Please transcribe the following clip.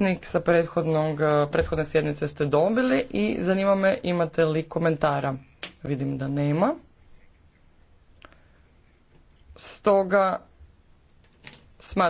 zapisnik sa prethodnog, eh, prethodne sjednice ste dobili i zanima me imate li komentara. Vidim da nema. Stoga smatram